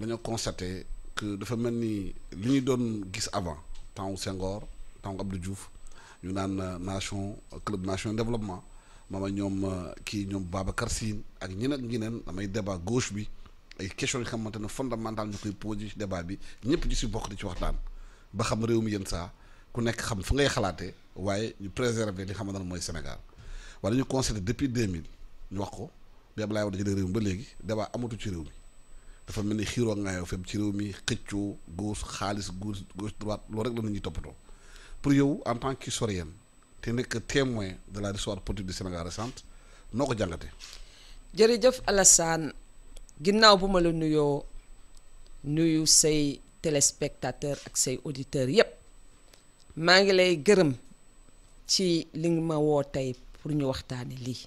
dañoo constaté que dafa mel ni li ñu doon gis avant temps Senghor temps Abdou Diouf ñu naan euh, nation euh, club nation développement maanaam ñoom euh, kii ñoom Babacar Sine ak ñeneen ak ñeneen damay débat gauche bi ay questions yoo xamante ne fondamental ñu koy posé ci débat bi ñëpp ñu si bokk di ci waxtaan ba xam réew mi yenn saa ku nekk xam fu ngay xalaatee waaye ñu préserver li na ne mooy Sénégal wala ñu constaté depuis 2000 ñu wax ko bi Abdoulaye Wade jëlee réew ba léegi débat amatu ci réew dafa mel ni xiiroo ngaayoo fépp ci réew mi xëccoo gauche xaalis gauche gauche droite loolu rek la nit toppatoo pour yow en tant qu'historienne te nekk témoin de la histoire politique du Sénégal récente noo ko jàngate jërëjëf alasaan ginnaaw bu ma la nuyoo nuyu say téléspectateur ak say auditeurs yépp maa ngi lay gërëm ci li nga ma woo tey pour ñu waxtaane lii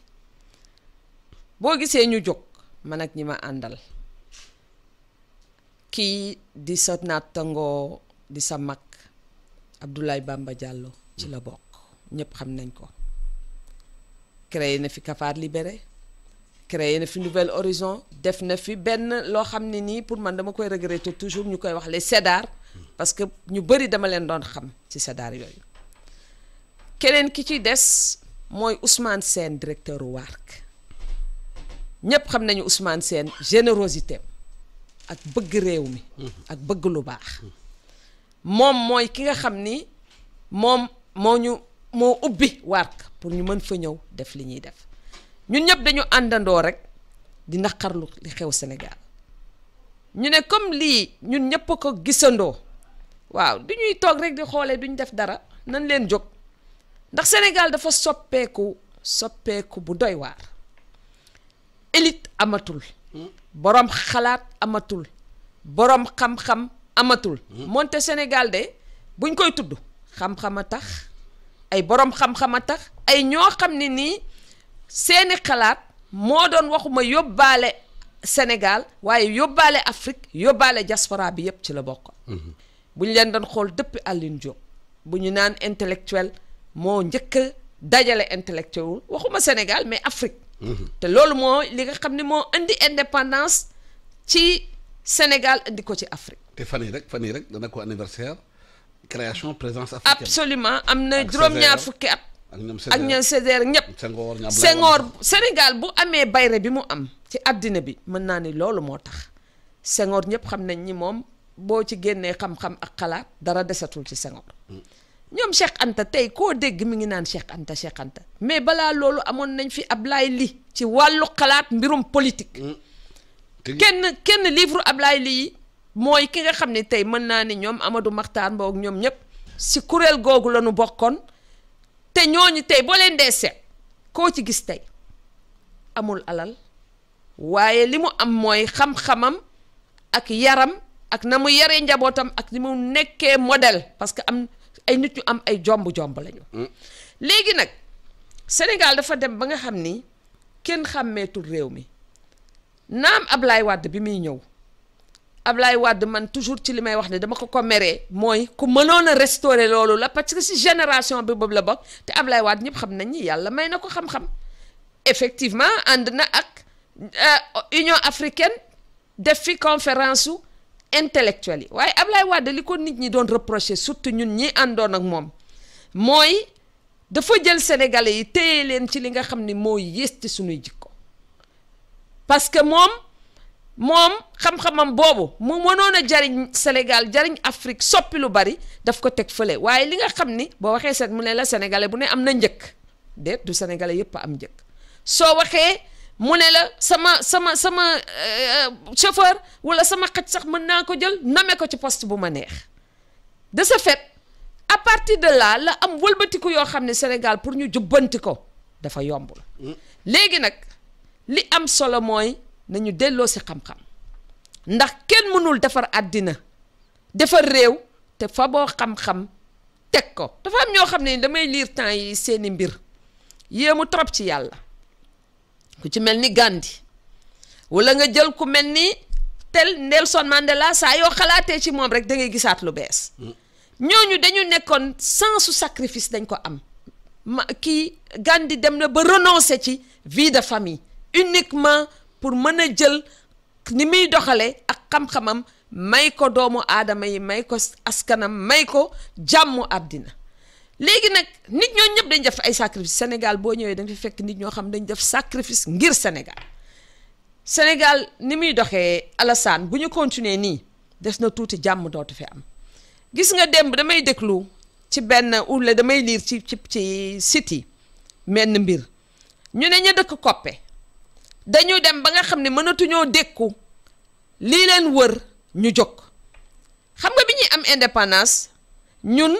boo gisee ñu jóg man ak ñi ma àndal kii di sa nattangoo di sa mag Abdoulaye Bamba Diallo ci la bokk ñëpp xam nañ ko créé na fi Cafard Libéré créé na fi Nouvel Horizon def na fi benn loo xam ne nii pour man dama koy regretter toujours ñu koy wax les Sédar parce que ñu bëri dama leen doon xam ci Sédar yooyu keneen ki ci des mooy Ousmane seen directeur WARC ñëpp xam nañu Ousmane Sène générosité ak bëgg réew mi mm-hmm. ak bëgg lu baax moom mooy ki nga xam ni moom moo ñu moo ubbi Warka pour ñu mën fa ñëw def li ñuy def ñun ñëpp dañu àndandoo rek di xarlu li xew Sénégal ñu ne comme lii ñun ñëpp ko gisandoo waaw du ñuy toog rek di xoolee duñ def dara nan leen jóg ndax Sénégal dafa soppeeku soppeeku bu doy waar amatul borom xalaat amatul boroom xam-xam amatul moonte hmm. Sénégal de buñ koy tudd xam-xam a tax ay boroom xam-xam a tax ay ñoo xam ne nii seeni xalaat moo doon waxuma yóbbaale Sénégal waaye yóbbaale Afrique yóbbaale diaspora bi yépp ci la bokk hmm. bu leen doon xool dëpp Alioune Diop bu ñu naan intellectuel moo njëkk dajale intellectuel waxuma Sénégal mais Afrique Mm-hmm. te loolu moo li nga xam ne moo indi indépendance ci Sénégal indi ko ci Afrique. te fan yii rek fan yii rek dana ko anniversaire création présence africaine. absolument am na juróom-ñaar fukki at. ak ñoom Césaire ak ñoom Césaire ñëpp. Senghor Senghor Sénégal bu amee bayre bi mu am ci àddina bi mën naa ni loolu moo tax Senghor ñëpp xam nañ ni moom boo ci génnee xam-xam ak xalaat dara desatul ci Senghor. Mm. ñoom Cheikh Anta tey koo dégg mi ngi naan Cheikh Anta Cheikh mais balaa loolu amoon nañ fi ab lay li ci wàllu xalaat mbirum politique. Mm. kenn kenn livre Ablaye Ly yi mooy ki nga xam ne tey mën naa ni ñoom Amadou Makhtar Mbow ak ñoom ñëpp si kuréel googu lañu ñu bokkoon te ñooñu tey boo leen dee seet koo ci gis tey amul alal waaye li mu am mooy xam-xamam ak yaram ak na mu yaree njabootam ak ni mu nekkee modèle parce am. ay nit ñu am ay jomb-jomb lañu. Mm. léegi nag Sénégal dafa dem ba nga xam ni kenn xàmmeetul réew mi naam Ablaye Wade bi muy ñëw ab Ablaye Wade man toujours ci li may wax ne dama ko ko meree mooy ku mënoon a restaurer loolu la parce que si génération bi boobu la bokk te Ablaye Wade ñëpp xam nañ ni yàlla may na ko xam-xam effectivement ànd na ak euh, Union africaine def fi conférence su. intellectuel yi waaye Ablaye Wade li ko nit ñi doon reprocher surtout ñun ñi àndoon ak moom mooy dafa jël sénégalais yi téye leen ci li nga xam ni moo yées ci suñuy jikko parce que moom moom xam-xamam boobu mu mënoon jariñ Sénégal jariñ Afrique soppi lu bari daf ko teg fële waaye li nga xam ni boo waxee seet mu ne la sénégalais bu ne am na njëkk déet du sénégalais yëpp am njëkk soo waxee. mu ne la sama sama sama euh, euh, chauffeur wala sama xaj sax mën naa ko jël name ko ci poste bu ma neex de ce fait à partir de là la am wëlbatiku yoo xam ne Sénégal pour ñu jubbanti ko dafa yomb léegi nag li am solo mooy nañu delloo si xam-xam ndax kenn mënul defar àddina defar réew te faboo boo xam-xam teg ko dafa am ñoo xam ne damay liir temps yi seeni mbir yéemu trop ci yàlla ku ci mel ni Gandhi wala nga jël ku mel ni tel Nelson Mandela saa yoo xalaatee ci moom rek da ngay gisaat lu bees ñooñu dañu nekkoon su sacrifice dañ ko am ma kii Gandhi dem na ba renoncer ci vie de famille uniquement pour mën a jël ni muy doxalee ak xam-xamam may ko doomu aadama yi may ko askanam may ko jàmmu àddina léegi nag nit ñooñ ñëpp dañ def ay sacrifice Sénégal boo ñëwee dañ fi fekk nit ñoo xam dañ def sacrifice ngir Sénégal Sénégal ni muy doxee Alassane bu ñu continuer nii des na tuuti jàmm dootu fi am gis nga démb damay déglu ci benn wala damay liir ci ci ci site yi menn mbir ñu ne ñu dëkk Koppe dañu dem ba nga xam ne mënatuñoo dékku lii leen wër ñu jóg xam nga bi ñuy am indépendance ñun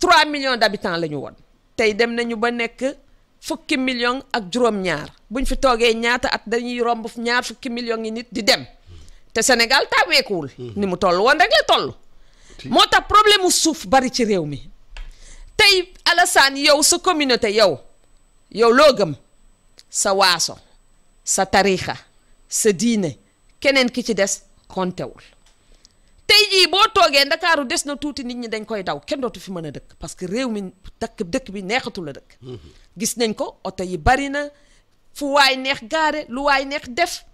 3 millions d'habitants la ñu woon tey dem nañu ba nekk fukki millions ak juróom-ñaar buñ fi toogee ñaata at dañuy romb ñaar fukki millions yi nit di dem te Sénégal taaweekuwul. Hmm. ni mu toll woon rek la toll. moo tax problème mu suuf bari ci réew mi tey alasaan yow sa communauté yow yow loo gëm sa waaso sa tariixa sa diine keneen ki ci des kontewul tey jii boo toogee ndakaaru des na tuuti nit ñi dañ koy daw kenn dootu fi mën a dëkk parce que réew mi dëkk dëkk bi neexatul a dëkk mm-hmm. gis nañ ko oto yi bari na fu waay neex gaare lu waay neex def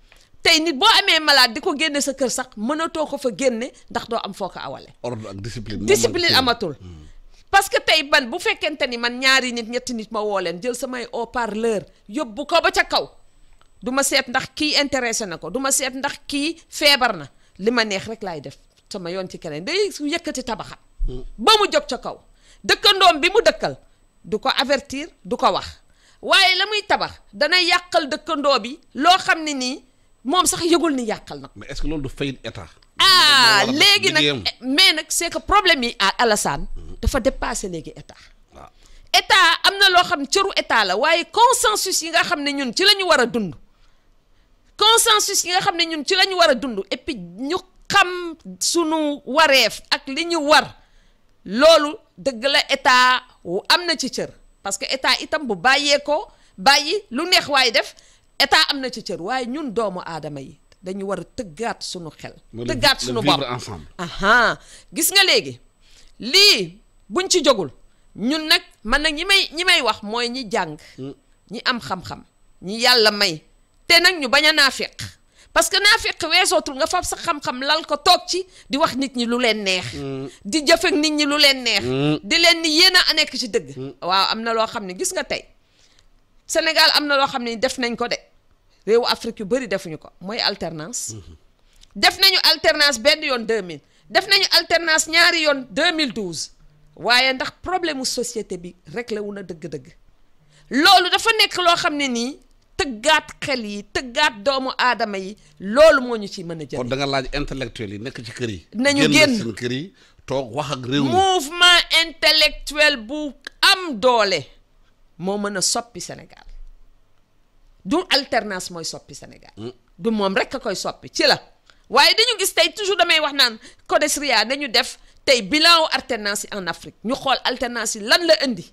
tey nit boo amee malade di ko génne sa kër sax mënatoo ko fa génne ndax doo am foo ko awale ordre ak discipline discipline amatul mm. parce que tey ban bu fekkente ni man ñaari nit ñetti nit ma woo leen jël samay haut-parleur yóbbu ko ba ca kaw du ma seet ndax kii intéressé na ko du ma seet ndax kii feebar na li ma neex rek laay def sama yoon ci keneen day yëkkati tabaxam mm. ba mu jot ca kaw dëkkandoom bi mu dëkkal du ko avertir du ko wax waaye la muy tabax danay yàqal dëkkandoo bi loo xam ne nii moom sax yëgul ni yàqal na mais est-ce que ah, léegi nag mais nag c'est que problème yi à mm. dafa dépassé léegi état ah. état am na loo xam cëru état la waaye consensus yi nga xam ne ñun ci la ñu war a dund consensus yi nga xam ne ñun ci la ñu war a dund et puis xam sunu wareef ak li ñu war loolu dëgg la état wu am na ci cër parce que état itam bu bàyyee ko bàyyi lu neex waaye def état am na ci cër waaye ñun doomu aadama yi dañu war a tëggaat sunu xel tëggaat sunu bopp aha gis nga léegi lii buñ ci jogul ñun nag man nag ñi may ñi may wax mooy ñi jàng hmm. ñi am xam-xam ñi yàlla may te nag ñu bañ a naafiq parce que naa fekk weesootul nga fab sa xam-xam lal ko toog ci di wax nit ñi lu leen neex mm. di jëf nit ñi lu leen neex mm. di leen ni yéen a nekk ci dëgg mm. waaw am na loo xam ne gis nga tey Sénégal am na loo xam ne def nañ ko de réewu Afrique yu bëri defuñu ko mooy alternance mm-hmm. def nañu alternance benn yoon 2000 def nañu alternance ñaari yoon 2012 waaye ndax problème mu société bi réglé wu na dëgg-dëgg loolu dafa nekk loo xam ne nii tëggaat xel yi tëggaat doomu aadama yi loolu moo ñu ci mën a jël kon da nga yi nekk ci kër yi nañu génn kër yi toog wax ak réew mi mouvement intellectuel bu am doole moo mën a soppi Sénégal du alternance mooy soppi Sénégal hmm. du moom rek a koy soppi ci la waaye dañu gis tey toujours damay wax naan Codesria nañu def tey bilan wu alternance yi en Afrique ñu xool alternance yi lan la indi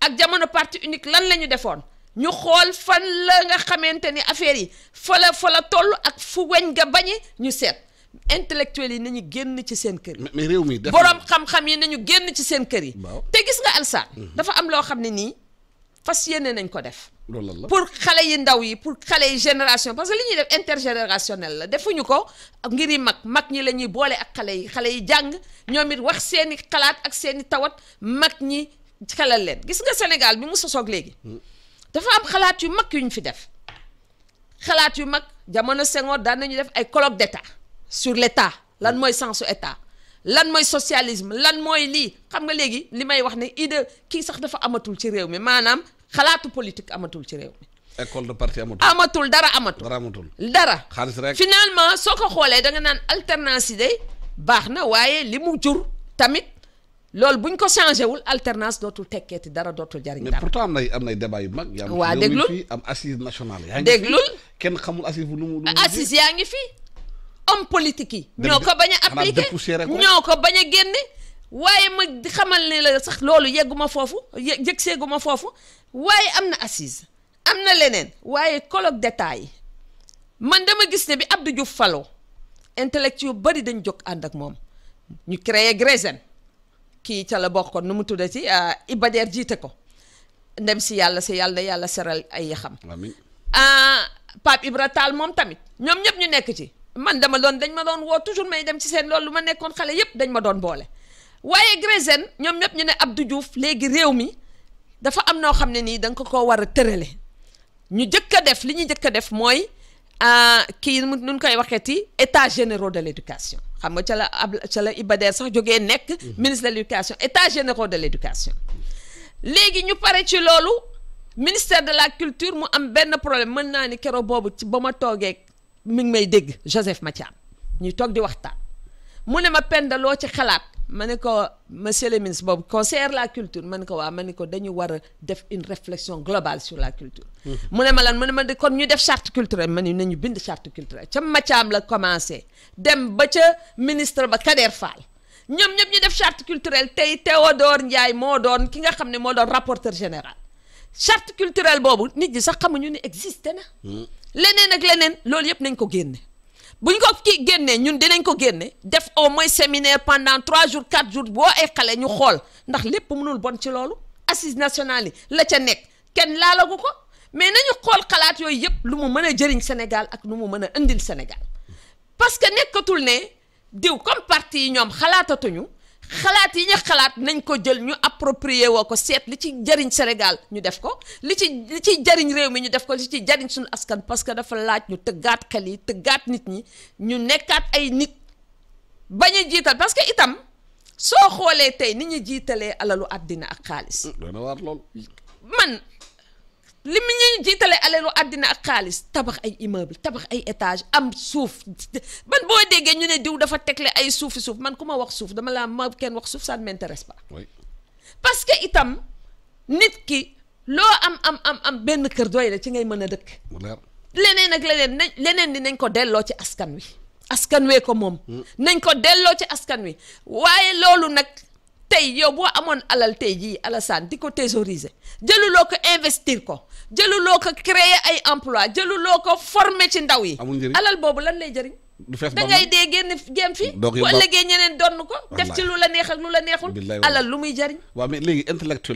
ak jamono parti unique lan la ñu defoon ñu xool fan la nga xamante ni affaire yi fa la fa la toll ak fu weñ nga bañi ñu seet intellectuels yi nañu génn ci seen kër yi mais réew mi boroom xam-xam yi nañu génn ci seen kër yi te gis nga alsaan mm-hmm. dafa am loo xam ne nii fas yéene nañ ko def loolu pour xale yi ndaw yi pour xale yi génération parce que li ñuy def intergénérationnel la defuñu ko ngir yi mag mag ñi la ñuy boole ak xale yi xale yi jàng ñoom it wax seeni xalaat ak seeni tawat mag ñi xelal leen gis nga Sénégal bi mu sosoog léegi mm. dafa am xalaat yu mag yu ñu fi def xalaat yu mag jamono Senghor daan nañu def ay colloque d'état sur l'état lan mooy sensu état lan mooy socialisme lan mooy lii xam nga léegi li may wax ne idée kii sax dafa amatul ci réew mi maanaam xalaatu politique amatul ci réew mi. école de parti amatul amatul dara amatul. dara amatul dara. xaalis rek finalement soo ko xoolee da nga naan alternance yi de baax na waaye li mu jur tamit. loolu bu ñu ko changé wul alternance dootul tekkeeti dara dootul jariñ dara mais pourtant am nay am nay débat yu mag. waa déglul yaa ngi fi am assise nationale. yaa kenn xamul assise bu nu mu. Ah, assise yaa ngi fi homme politique yi. ñoo ko bañ a appliqué ñoo ko bañ a génne. waaye ma xamal ne la sax loolu yegguma foofu ye yëgseeguma foofu waaye am na assise am na leneen waaye colloque d'État yi man dama gis ne bi Abdou Diouf faloo intellectuel yu bëri dañ jóg ànd ak moom ñu créé Grésen. kii ca la bokkoon nu mu tudda ci euh, Iba Der jiite ko ndem si yàlla si yàlla yàlla seral ay yaxam amiin euh, Pape Ibra taal moom tamit ñoom ñëpp ñu nekk ci man dama doon dañ ma doon woo toujours may dem ci seen loolu lu ma nekkoon xale yëpp dañ ma doon boole waaye Grésen ñoom ñëpp ñu ne Abdou Diouf léegi réew mi dafa am noo xam ne nii danga nga ko koo war a tërale ñu jëkk def li ñu jëkk a def mooy euh, kii nu koy waxeeti état généraux de l'éducation xam nga ca la ab ca la Ibader sax jógee nekk mhm. ministre de l' éducation état généraux de l' éducation léegi ñu pare ci loolu ministère de la culture mu am benn problème mën naa ni kero boobu ci ba ma toogee mu ngi may dégg Joseph Mathiam ñuy toog di waxtaan mu ne ma Penda loo ci xalaat ma ne ko monsieur le ministre boobu conseiller la culture ma ne ko waa ma ni ko dañu war def une réflexion globale sur la culture. Mmh. mu ne ma lan mu ne ma de kon ñu def charte culturelle ma ne nañu bind charte culturelle ca Mathiam la commencé dem ba ca ministre ba Kader Fall ñoom ñëpp ñu def charte culturelle tey Théodore njaay moo doon ki nga xam ne moo doon rapporteur général charte culturelle boobu nit ñi sax xamuñu ne existé na. Mmh. leneen ak leneen loolu yëpp nañ ko génne. bu ñu ko kii génnee ñun dinañ ko génne def au moins séminaire pendant trois jours quatre jours boo ay xale ñu xool ndax lépp mënul bon ci loolu assise national yi la ca nekk kenn laalagu ko mais nañu xool xalaat yooyu yëpp lu mu mën a jëriñ Sénégal ak lu mu mën a indil Sénégal parce que nekkatul ne diw comme parti yi ñoom xalaatatuñu xalaat yi ñu xalaat nañ ko jël ñu approprier woo ko seet li ci jariñ Sénégal ñu def ko li ci li ci jariñ réew mi ñu def ko li ci jariñ suñu askan parce que dafa laaj ñu tëggaat xel yi tëggaat nit ñi ñu nekkaat ay nit bañ a jiital parce que itam soo xoolee tey ni ñu jiitalee alalu àddina ak xaalis. dana man li mu ñu jiitale aleenu àddina ak xaalis tabax ay immeuble tabax ay étage am suuf man boo déggee ñu ne diw dafa tegle ay suufi suuf man ku ma wax suuf dama laa ma kenn wax suuf ça ne m'intéresse parce que itam nit ki loo am am am benn kër doy la ci ngay mën a dëkk leneen ak leneen nañ leneen di nañ ko delloo ci askan wi askan wee ko moom hmm. nañ ko delloo ci askan wi waaye loolu nag tey yow boo amoon alal tey jii Alassane di ko thésauriser jëluloo ko investir ko jëluloo ko créer ay emploi jëluloo ko former ci ndaw yi. alal boobu lan lay jëriñ. du fees da ngay dee génn génn fi. doog yëpp ba bu ëllëgee ñeneen donn ko. def ci lu la neex lu la neexul. alal lu muy jëriñ. waaw